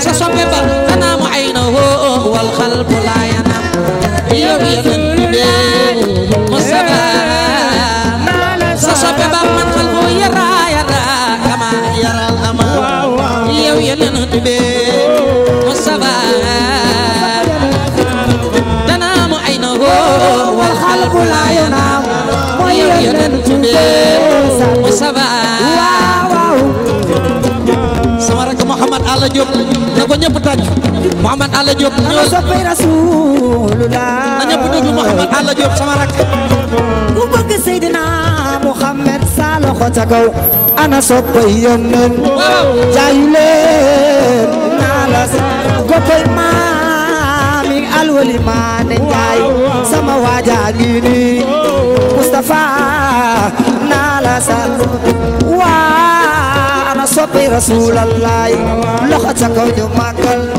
سسوبي با تنام عينه والقلب لا ينام يبيض مصطفى سسوبي با من قلبه يرى يرى كما يرى القمر يبيض مصطفى تنام عينه والقلب لا ينام sama rakk Mouhamad Alla Diop na ko ñëpp tàcc Mouhamad Alla Diop ñëw soppay Rasulullah na ñëpp déglu Mouhamad Alla sama rakk ku bëgg Seydina Mouhamad sa loxo ca kaw ana soppay yonent jaayu leen naa la goppay maami alwali maa ne njaay sama waajaa ngi nii Moustapha la sa soppi rasulallah loxo ca kaw ñu màggal